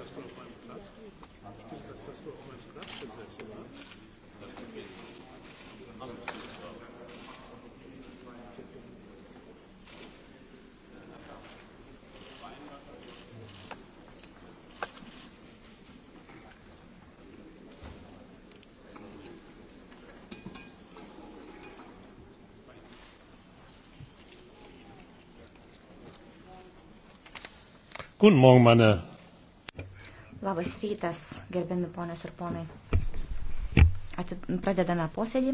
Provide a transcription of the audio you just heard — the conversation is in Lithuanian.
das nur auf meinem Platz? Stimmt das, das nur auf meinem Platz gesessen hat? Alles gut drauf. guten morgen meine Labas rytas, gerbiami ponios ir ponai. Atid... Pradedame posėdį.